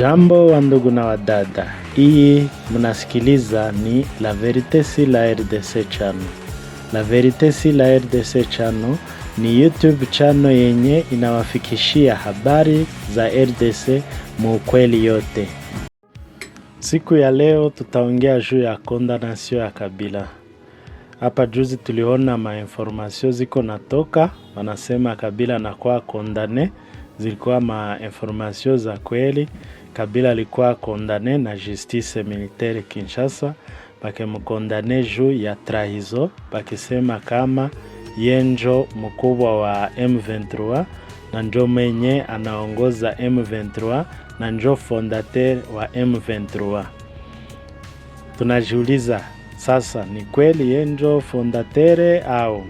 Jambo wa ndugu na wadada, hii mnasikiliza ni La Verite si la RDC channel. La Verite si la RDC channel ni YouTube channel yenye inawafikishia habari za RDC mu yote. Siku ya leo tutaongea juu ya sio ya Kabila. Hapa juzi tuliona mainformasio ziko natoka, wanasema Kabila na kwa kondane, zilikuwa mainformasio za kweli Kabila alikuwa kondane na justice militaire Kinshasa, bakemkondane juu ya trahizo, bakisema kama yenjo mkubwa wa M23 na njo mwenye anaongoza M23 na njo fondateur wa M23. Tunajiuliza sasa, ni kweli yenjo fondateur au?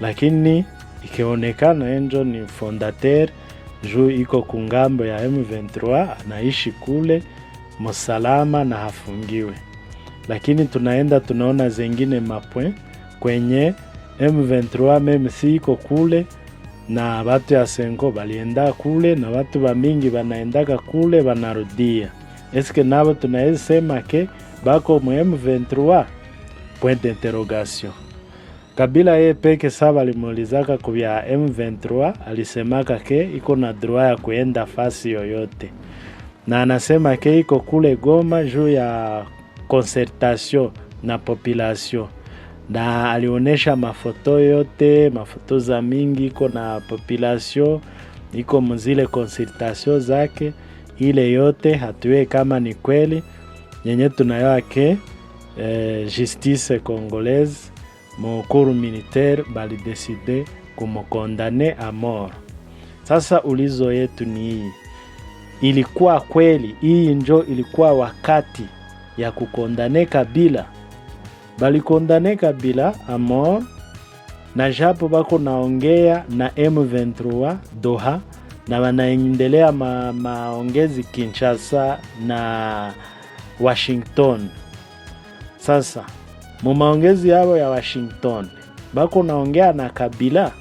Lakini ikionekana yenjo ni fondateur juu iko kungambo ya M23, anaishi kule msalama na hafungiwe. Lakini tunaenda tunaona zengine mapwe kwenye M23 meme si iko kule na batu ya Senko balienda kule na batu bamingi wanaendaka kule banarudia. Eske nabo tunaweza sema ke bako mu M23? Point d'interrogation. Kabila yeye peke saba alimuulizaka ku M23, alisemaka ke iko na droit ya kuenda fasi yoyote, na anasema ke iko kule Goma juu ya concertation na population, na alionesha mafoto yote, mafoto za mingi iko na population iko mzile consultation zake ile yote hatuwe kama ni kweli nyenye tunayoa ke eh, justice congolaise mukuru militaire balideside kumukondane mort. Sasa ulizo yetu ni hii, ilikuwa kweli hii njo ilikuwa wakati ya kukondane Kabila? Balikondane Kabila mort na japo bako naongea na M23 Doha na wanaendelea ma, maongezi Kinshasa na Washington sasa mu maongezi yabo ya Washington bako naongea na Kabila,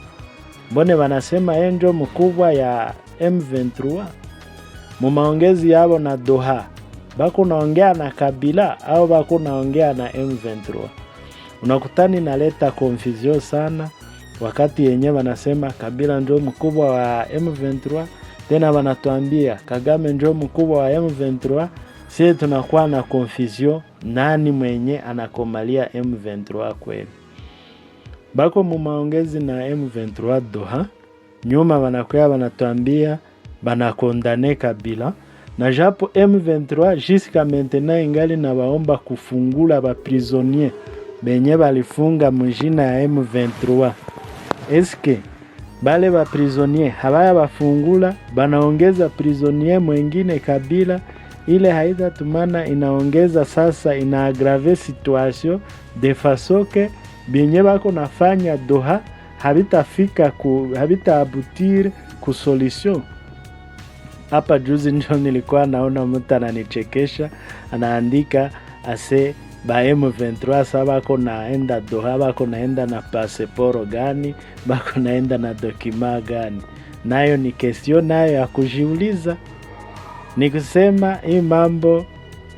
mbone wanasema enjo mkubwa ya M23. Mu maongezi yabo na Doha bako naongea na Kabila au bako naongea na M23? Unakutani naleta confusion sana, wakati yenye wanasema Kabila njo mkubwa wa M23, tena wanatuambia Kagame njo mkubwa wa M23 sie tunakuwa na konfizio nani mwenye anakomalia M23 kweli. Bako mumaongezi na M23 Doha nyuma, wanakuwa wanatuambia banakondane Kabila na japo M23 jiska maintenant ingali na waomba kufungula baprisonier benye balifunga mujina ya M23. Eske bale prisonnier habaya bafungula, banaongeza prisonier mwengine Kabila ile haida tumana inaongeza sasa, ina agrave situation de fasoke byenye bako nafanya doha habitafika ku, habitaabutire ku solution. Hapa juzi ndio nilikuwa naona mtu ananichekesha anaandika ase ba M23 sa bako naenda Doha, bako naenda na paseporo gani? Bako naenda na dokima gani? Nayo ni kestio nayo ya kujiuliza ni kusema hii mambo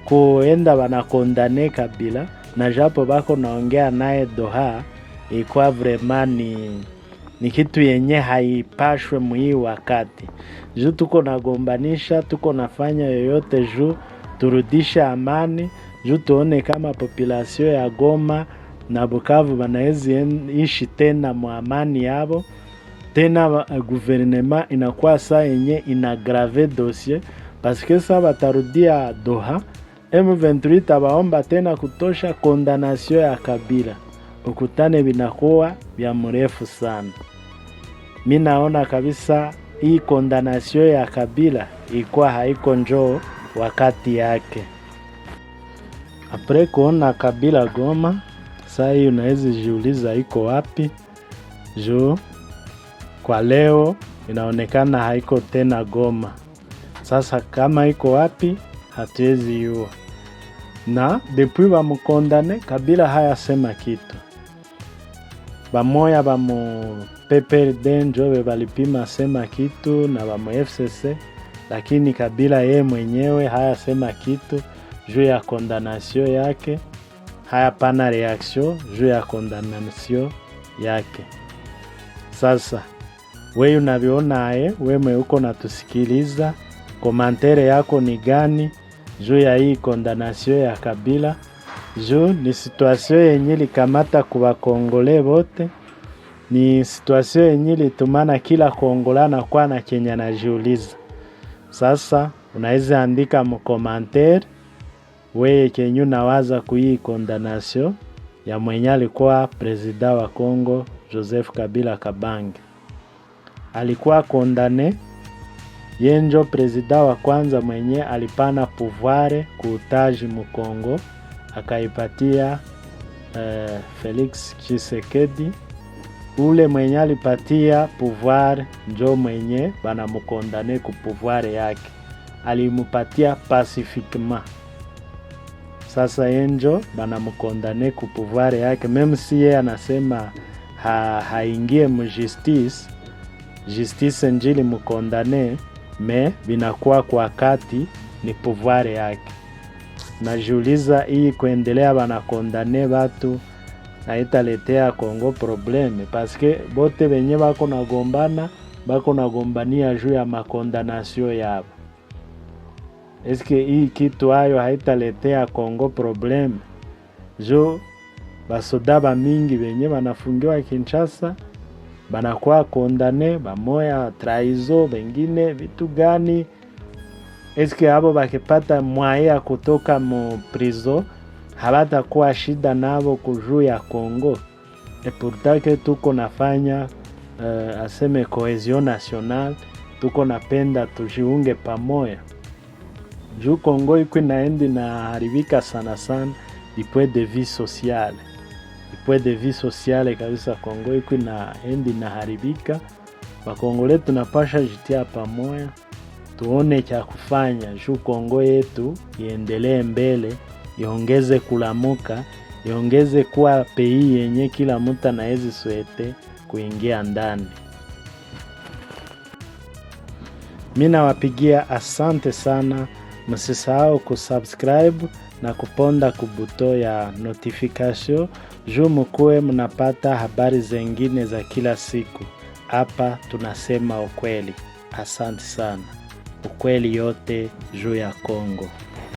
kuenda wanakondane Kabila na japo bako naongea naye Doha, ikwa vraiment ni, ni kitu yenye haipashwe mwii wakati juu tuko nagombanisha, tuko nafanya yoyote juu turudishe amani, juu tuone kama populasio ya Goma na Bukavu wanawezi ishi tena mwamani yabo tena. Eh, Guvernema inakuwa saa yenye inagrave dossier paske sa batarudia Doha, M23 abaomba tena kutosha kondanasio ya Kabila, ukutane binakuwa vya mrefu sana. Mi naona kabisa hii kondanasio ya Kabila ilikuwa haiko njoo wakati yake. Apre kuona Kabila Goma, saa hii unaweza jiuliza iko wapi? Juu kwa leo inaonekana haiko tena Goma. Sasa kama iko wapi, hatuwezi yua, na depuis bamukondane Kabila hayasema kitu. Bamoya bamu PPRD njo be balipima sema kitu na bamu FCC, lakini Kabila ye mwenyewe hayasema kitu juu ya kondanasio yake, hayapana reaksio juu ya kondanasio yake. Sasa we unavyionaye, wemwe uko natusikiliza komantere yako ni gani juu ya hii kondanasio ya Kabila? Juu ni situasio yenye likamata kubakongole bote, ni situasio yenye litumana kila kongolana kwa na Kenya najiuliza. Sasa unaweza andika mkomantere weye kenyu nawaza kuii kondanasio ya mwenye alikuwa prezida wa Kongo Joseph Kabila Kabange alikuwa kondane yenjo prezida wa kwanza mwenye alipana pouvoir kuutaji mukongo akaipatia uh, Felix Tshisekedi ule mwenye alipatia pouvoir njo mwenye banamukondane ku puvware yake alimupatia pacifiquement. Sasa yenjo banamukondane ku puvware yake, meme si ye anasema ha, haingie mu justice, justice njili mukondane me vinakuwa kwa kati ni pouvoir yake. Najiuliza hii kuendelea banakondane batu naitaletea Kongo probleme paske bote benye bako nagombana bako nagombania juu ya makondanasio yabo. Eske hii kitu ayo haitaletea Kongo probleme? Jo basoda ba mingi benye banafungiwa Kinshasa banakuwa kondane bamoya traizo bengine vitu gani? Eske abo bakipata mwaye ya kutoka mu prizo habatakuwa shida nabo kujuu ya Kongo? Epurtake tuko nafanya uh, aseme cohesion national, tuko napenda tujiunge pamoya juu Kongo iko naendi na haribika sana sana, dipwe de vie sociale ipoe de vie sociale kabisa. Kongo na inaendi inaharibika, bakongole tunapasha jitia pamoya, tuone cha kufanya juu Kongo yetu iendelee mbele, iongeze kulamuka, iongeze kuwa pei yenye kila mtu anaezi swete kuingia ndani. Mi nawapigia asante sana msisahau kusubscribe na kuponda kubuto ya notification juu mukuwe mnapata habari zengine za kila siku. Hapa tunasema ukweli. Asante sana, ukweli yote juu ya Kongo.